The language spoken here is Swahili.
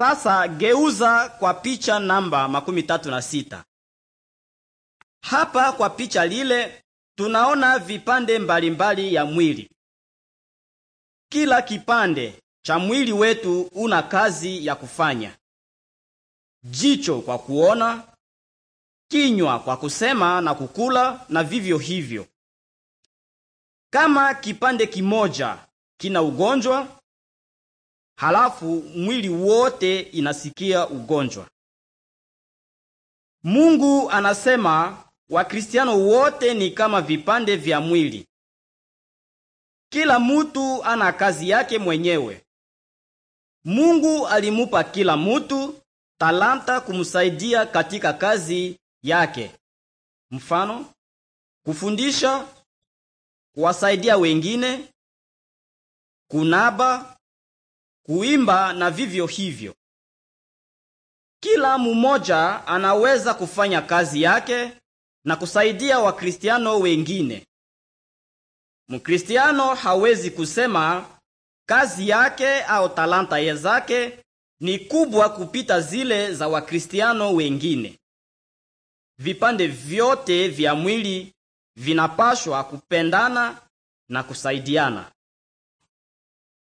Sasa geuza kwa picha namba makumi tatu na sita. Hapa kwa picha lile tunaona vipande mbalimbali mbali ya mwili. Kila kipande cha mwili wetu una kazi ya kufanya: jicho kwa kuona, kinywa kwa kusema na kukula, na vivyo hivyo. Kama kipande kimoja kina ugonjwa, halafu mwili wote inasikia ugonjwa. Mungu anasema Wakristiano wote ni kama vipande vya mwili. Kila mutu ana kazi yake mwenyewe. Mungu alimupa kila mutu talanta kumsaidia katika kazi yake. Mfano, kufundisha, kuwasaidia wengine, kunaba, kuimba na vivyo hivyo. Kila mmoja anaweza kufanya kazi yake na kusaidia Wakristiano wengine. Mkristiano hawezi kusema kazi yake au talanta zake ni kubwa kupita zile za Wakristiano wengine. Vipande vyote vya mwili vinapashwa kupendana na kusaidiana.